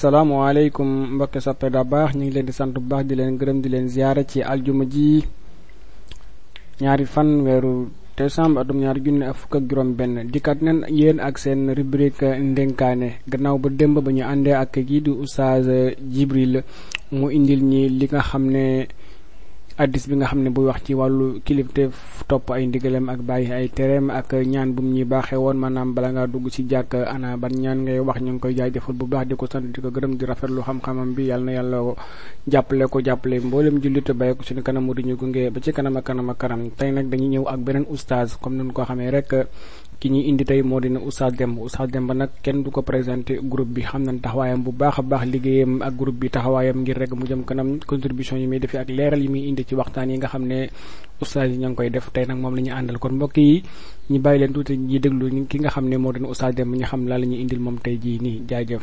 asalaamaaleykum mbokki soppe da baax ñu ngi leen di sant bu baax di leen gërëm di leen ziyaara ci aljuma ji ñaari fan weeru atum ñaari junne ak fukk ak juróom benn dikkat nen yéen ak seen rubrique ndénkaane gannaaw ba demb ba ñu àndee ak kii di oustaz Jibril mu indil ñi li nga xam ne addis bi nga xam ne buy wax ci wàllu kilifteef topp ay ndigalam ak bàyyi ay tereem ak ñaan bu mu ñuy baaxee woon maanaam bala ngaa dugg ci jàkk ana ñaan ngay wax ñu ngi koy jaajëfal bu baax di ko sant di ko gërëm di rafetlu xam-xamam bi yàlla na yàlla jàppale ko jàppale mboolem jullit bàyyi ko suñu kanam mu gunge ba ci kanam ak kanam ak kanam tey nag dañuy ñëw ak beneen oustaz comme ni ko xamee rek ki ñuy indi tey moo dina Oustaz Demba Oustaz Demba nag kenn du ko présenté groupe bi xam nañ taxawaayam bu baax a baax liggéeyam ak groupe bi taxawaayam ngir rek mu jëm kanam contribution yi muy defi ak leeral yi muy indi ci waxtaan yi nga xam ne Oustaz yi ña ngi koy def tey nag moom la ñu àndal kon mbokk yi ñu bàyyi leen tuuti ñi déglu ki nga xam ne moo dina Oustaz Demba ñu xam laa la ñuy indil moom tey jii nii jaay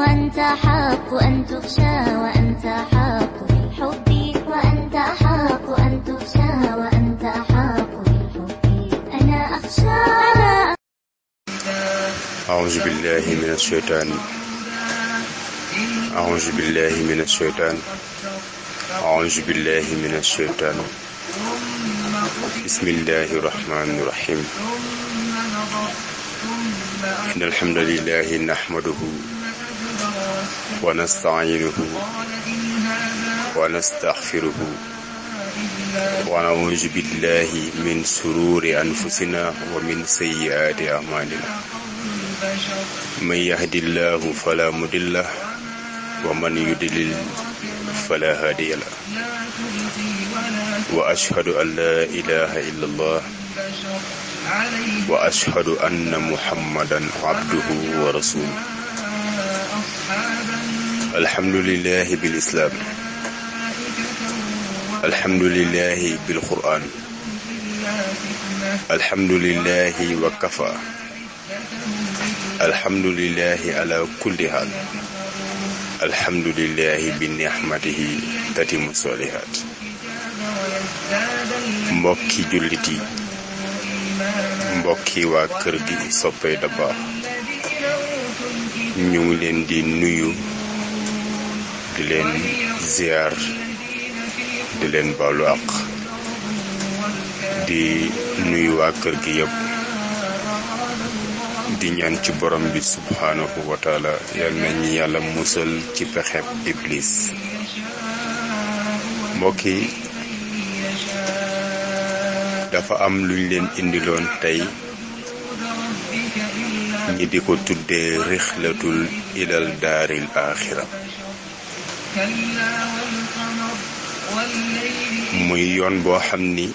وأنت الخلق أن تخشى وأنت أحاط بالحب أنا أخشى أنا أعوذ بالله من الشيطان أعوذ بالله من الشيطان أعوذ بالله من الشيطان بسم الله الرحمن الرحيم إن الحمد لله نحمده ونستعينه ونستغفره ونعوذ بالله من سرور أنفسنا ومن سيئات أعمالنا من يهد الله فلا مضل له ومن يضلل فلا هادي له وأشهد أن لا إله إلا الله وأشهد أن محمدا عبده ورسوله الحمد لله بالإسلام alhamdulilahi bil quran alhamdulilahi wa kafa alhamdulilahi ala kulli haal alhamdulilahi bi nixmatihi tatimu solihaat mbokki jullit yi mbokki waa kër gi soppee da ñu ngi leen di nuyu di leen ziar di leen baalu àq di nuyu waa kër gi yépp di ñaan ci borom bi subhaanahu wa taala yal yàlla musal ci pexeb iblis mbokk dafa am luñ leen indiloon tey ñi di ko tuddee rixlatul ilal daaril aaxira muy yoon boo xam ni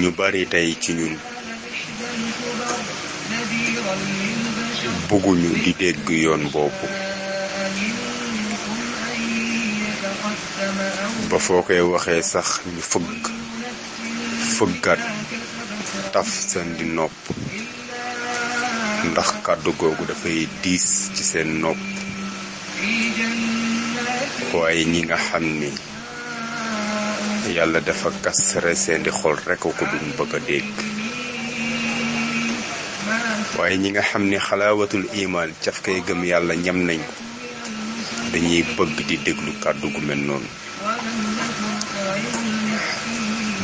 ñu bari tey ci ñun bëgguñu di dégg yoon boobu ba foo koy waxee sax ñu fëgg taf seen di nopp ndax kàddu googu dafay diis ci seen nopp waaye ñi nga xam ni yàlla dafa kas di xol rekk ko duñ bëgg a dégg waaye ñi nga xam ni xalaawatul imaan caf gëm yàlla ñam nañ ko dañuy bëgg di déglu kàddu gu mel noonu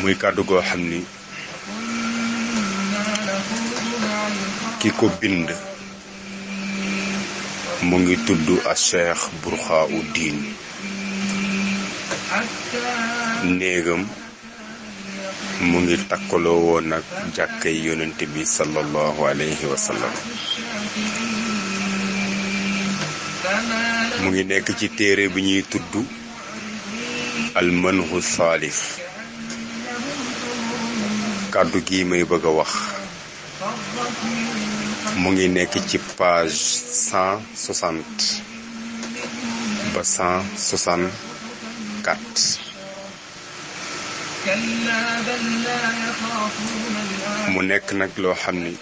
muy kàddu goo xam ni ki ko bind mu ngi tudd a cheikh burxaa diin néegam mu ngi takkaloo woon ak jàkkay yonent bi sallallahu alayhi wa mu ngi nekk ci téere bi ñuy tudd almanhu saalif kàddu gi may bëgg a wax mu ngi nekk ci page cent soixante ba cent soixante mu nekk nag loo xam ni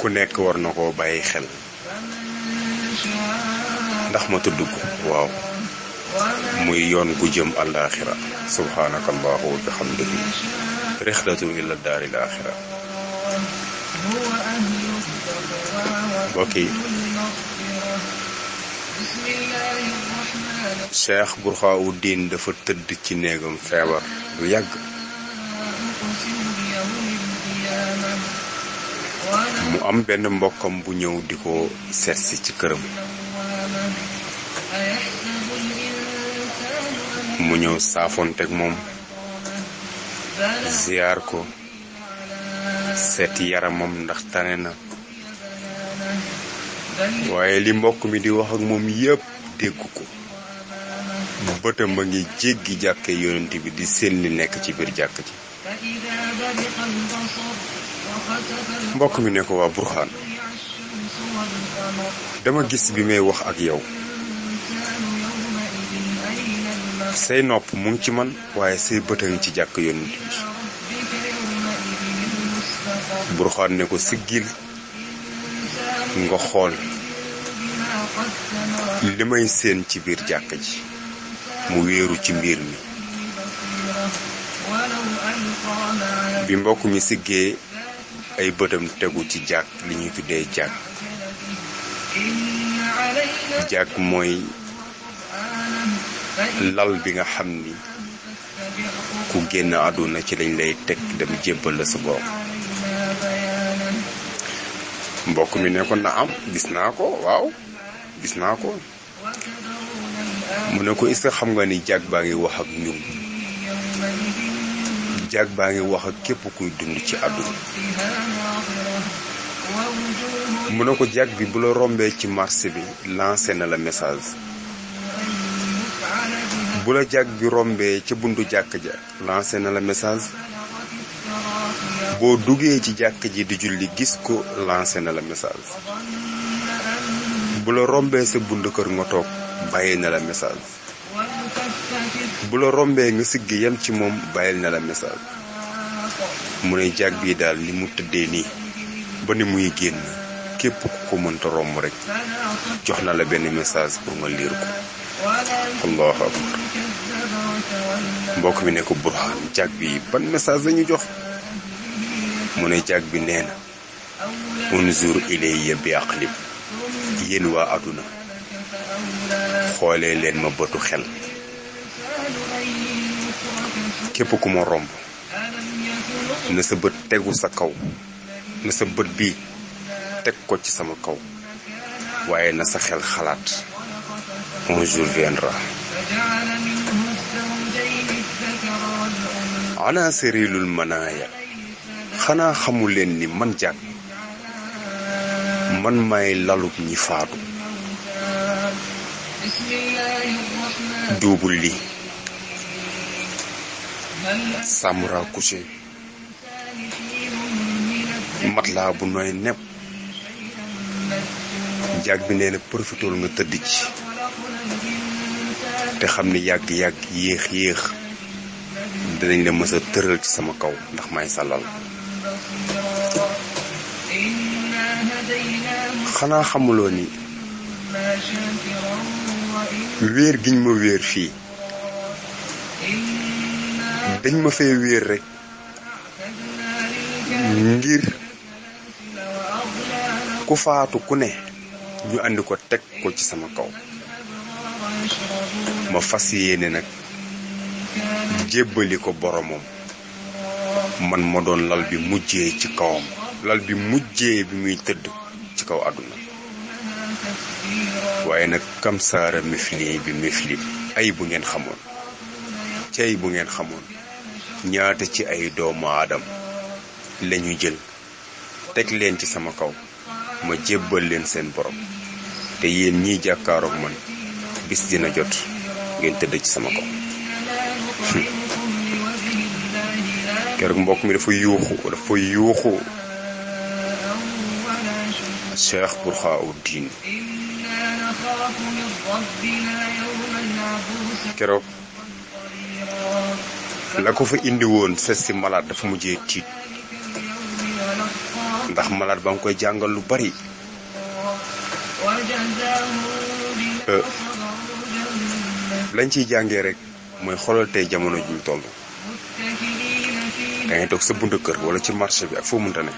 ku nekk war na koo bàyyi xel ndax ma tudd ko waaw muy yoon gu jëm alaaxira subhaanaka allahu wa bihamdihi rixlatu ila daari alaaxira mbokk yi Cheikh diin dafa tëdd ci néegam feebar bu yàgg mu am benn mbokkam bu ñëw di ko seetsi ci këram mu ñëw saafoonteek moom ziyaar ko seeti yaramam ndax tane na waaye li mbokk mi di wax ak moom yépp dégg ko bëtam ba ngi jéggi jàkke yonent bi di seen li nekk ci biir jàkk ji mbokk mi ne ko waa burxaan dama gis bi may wax ak yow say nopp mu ci man waaye say bët ci jàkk yonent bi burxaan ne ko siggil nga xool li may seen ci biir jàkk ji mu wéeru ci mbir mi bi mbokk mi siggee ay bëtam tegu ci jàkk li ñuy tuddee jàkk jàkk mooy lal bi nga xam ni ku génn àdduna ci lañ lay teg dem jébbal la sa bopp mbokk mi ne ko na am gis naa ko waaw gis naa ko mu ne ko est xam nga ni jàg baa ngi wax ak ñun jàg baa ngi wax ak képp kuy dund ci àdduna mu ne ko jàg bi bu la rombee ci marché bi lancé na la message bu jàg bi rombee ca buntu jàkk ja lancé na la boo duggee ci jàkk ji di julli gis ko lancé na la message bu la rombee sa buntu kër nga toog bàyyil na la message bu la rombee nga siggi yam ci moom bàyyil na la message mu ne jàg bii daal ni mu tëddee nii ba ni muy génn képp ku ko mënta romb rekk jox na la benn message pour nga liir ko allahu akbar mbokk mi ne ko burhan jàg bi ban message lañu jox mu ne jàg bi nee na unzur ilayya bi aqlib yéen waa àdduna xoolee leen ma bëtu xel képp ku ma romb na sa bët tegu sa kaw na sa bët bi teg ko ci sama kaw waaye na sa xel xalaat un jour viendra ana serilul manaaya xanaa xamu leen ni man jàkk man may lalub ñi faatu double li samura couché matelas bu nooy nepp jag bi nee na profitool nga tëdd ci te xam ni yàgg-yàgg yéex-yéex dinañ la mësa a tëral ci sama kaw ndax may sàllal xanaa xamuloo ni wéer giñ ma wéer fii dañ ma fee wéer rek ngir ku faatu ku ne ñu andi ko teg ko ci sama kaw ma fas yéene nag jébbali ko boromam man ma doon lal bi mujjee ci kawam lal bi mujjee bi muy tëdd ci kaw àdduna waaye nag kamsaara mifli bi mifli ay bu ngeen xamoon cay bu ngeen xamoon ñaata ci ay doomu aadam lañu jël teg leen ci sama kaw ma jébbal leen seen borom te yéen ñiy jàkkaaroog man bis dina jot ngeen tëdd ci sama kaw keroog mbokk mi dafa yuuxu dafa yuuxu Cheikh Burhanuddin keroog la ko fa indi woon seet si malade dafa mujjee tiit ndax malade ba nga koy jàngal lu bari lañ ciy jàngee rek mooy xoolal tey jamono ji ñu toll da toog sa buntu kër wala ci marché bi ak foo mënta ne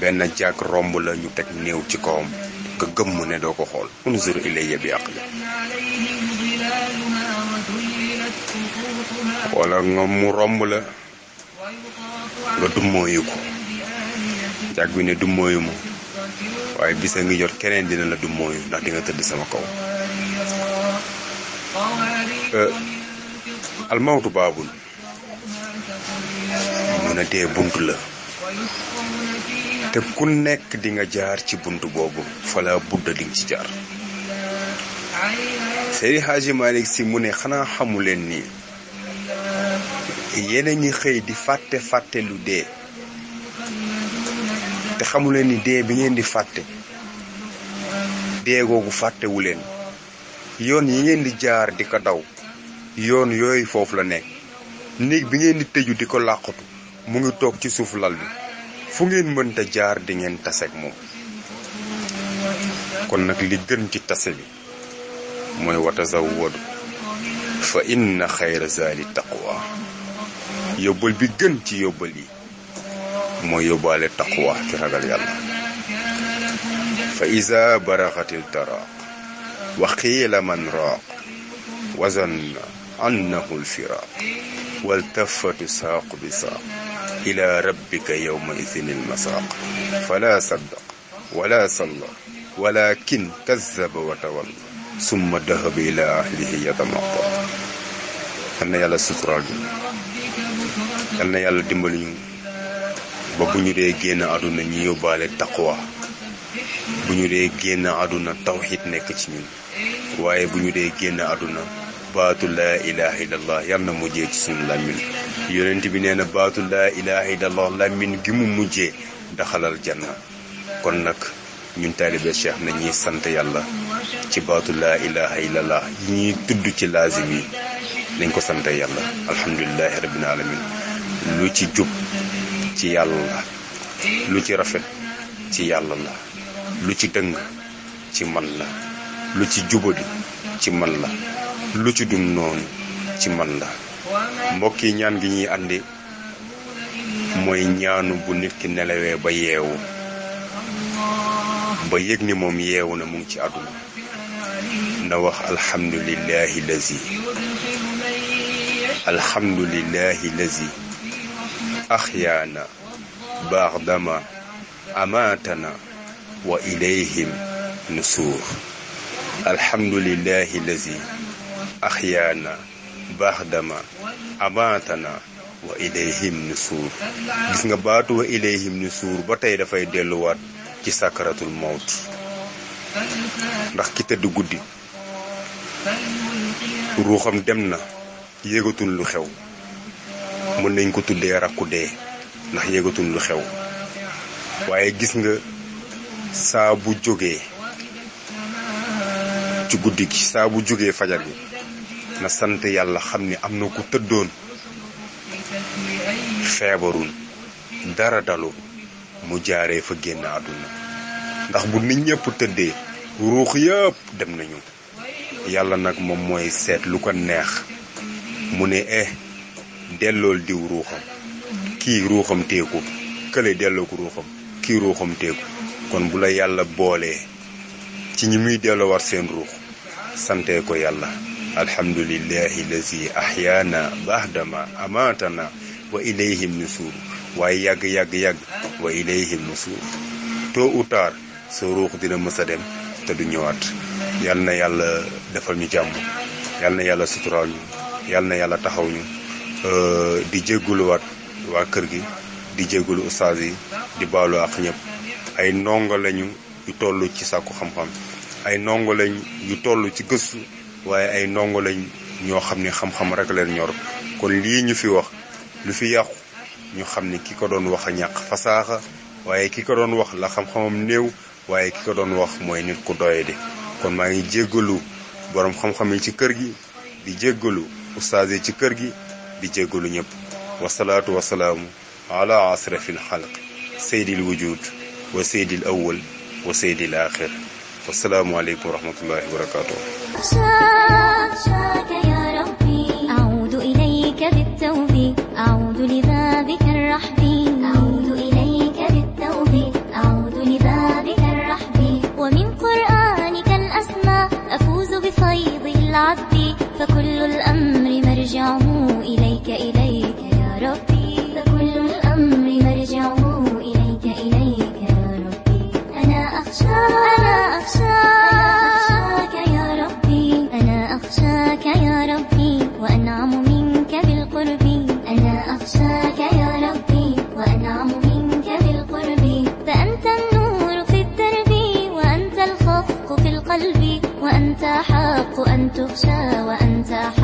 benn jàkk romb la ñu teg néew ci kawam ka gëmm ne doo ko xool unzur bi aqli wala nga mu romb la nga dummóoyu ko jàkk bi ne dummóoyu ma waaye bisa ngi jot keneen dina la dummóoyu ndax di tëdd sama kaw euh, almawtu baabul mu ne dee bunt la te ku nekk di nga jaar ci bunt boobu fala budda di nga ci jaar Seydi Hadji si mu ne xanaa xamu leen nii yeneen ñi xëy di fàtte fàtte lu dee te xamu ni dee bi ngeen di fàtte dee fàttewu leen yoon yi ngeen di jaar di ko daw yoon yooyu foofu la nekk néeg bi ngeen di tëju di ko làqatu mu ngi toog ci suuf lal bi fu ngeen mënta jaar di ngeen taseeg moom kon nag li gën ci tase bi mooy watazawwadu fa inna xayra zaali taqwa yóbbal bi gën ci yóbbal yi mooy yóbbaale taqwa ci ragal yàlla fa iza baraxatil taraq wa qiila man raaq wazanna annahu lfiraaq waltafatu saaqu bi saaq ila rabbika yawma idinil masaq fala saddaqa wala salla walakin kazzaba wa tawalla summa dahaba ila ahlihi yatamatta yal na yàlla suturaal ñu yal na yàlla dimbali ñu ba bu ñu dee génn àdduna ñi yóbbaale taqwa bu ñu dee génn àdduna tawxid nekk ci ñun waaye bu ñu dee génn àdduna baatu la ilaha illallah yal na mujjee ci suñu làmmiñ yonent bi nee na baatu laa ilaha illallah làmmiñ gi mu mujjee daxalal janna kon nag ñun taalibe cheikh nañuy sant yàlla ci baatu laa ilaha illallah yi ñuy tudd ci laazim yi nañ ko sante yàlla alhamdulilahi rabbil alamin lu ci jub ci yàlla la lu ci rafet ci yàlla la lu ci dëng ci man la lu ci jubadi ci man la lu ci dum noonu ci man la mbokk yi ñaan gi ñuy andi mooy ñaanu bu nit ki nelawee ba yeewu ba yëg ni moom yeewu na mu ci àdduna na wax alhamdulillahi lazi alhamdulillahi lazi axyaana ba'dama amaatana wa ilayhim nusuur alhamdulillahi lazi baax dama amatana wa ilayhim nusuur gis nga baatu wa ilayhim nusuur ba tey dafay delluwaat ci sakaratul mawt ndax ki tëdd guddi ruuxam dem na yéegatul lu xew mën nañ ko tuddee rakku ndax yéegatul lu xew waaye gis nga saa bu jógee ci guddi gi saa bu jógee fajar gi na sant yàlla xam ni am na ku tëddoon feebarul dara dalu mu jaaree fa génn àdduna ndax bu nit ñëpp tëddee ruux yépp dem nañu yàlla nag moom mooy seet lu ko neex mu ne eh dellool diw ruuxam kii ruuxam teeku kële delloo ko ruuxam kii ruuxam teeku kon bu la yàlla boolee ci ñi muy delloo war seen ruux santee ko yàlla alhamdulillahi lazi ahyaana bahdama amaatana wa ilayhim nusuur waaye yàgg yàgg yàgg wa ilayhim nusuur tôt ou tard sa ruux dina mës a dem te du ñëwaat yal na yàlla defal ñu jàmm yal na yàlla suturaal ñu yal na yàlla taxaw ñu euh, di jégguluwaat waa kër gi di jéggulu ustaas yi di baalu ak ñëpp ay ndongo lañu yu toll ci sàkku xam-xam ay ndongo lañ yu toll ci gëstu waaye ay ndongo lañ ñoo xam ne xam-xam rek leen ñor kon lii ñu fi wax lu fi yàqu ñu xam ne ki ko doon wax a ñàkk fasaaxa waaye ki ko doon wax la xam-xamam néew waaye ki ko doon wax mooy nit ku doyadi kon maa ngi jéggalu boroom xam-xam ci kër gi di jéggalu ustaas ci kër gi di jéggalu ñëpp wasalaatu wasalaamu ala asrafil xalq seydil wujud wa seydil awwal wa seydil axir wasalaamualeykum wa rahmatullahi wa barakaatu. أن تخشى وأن تحب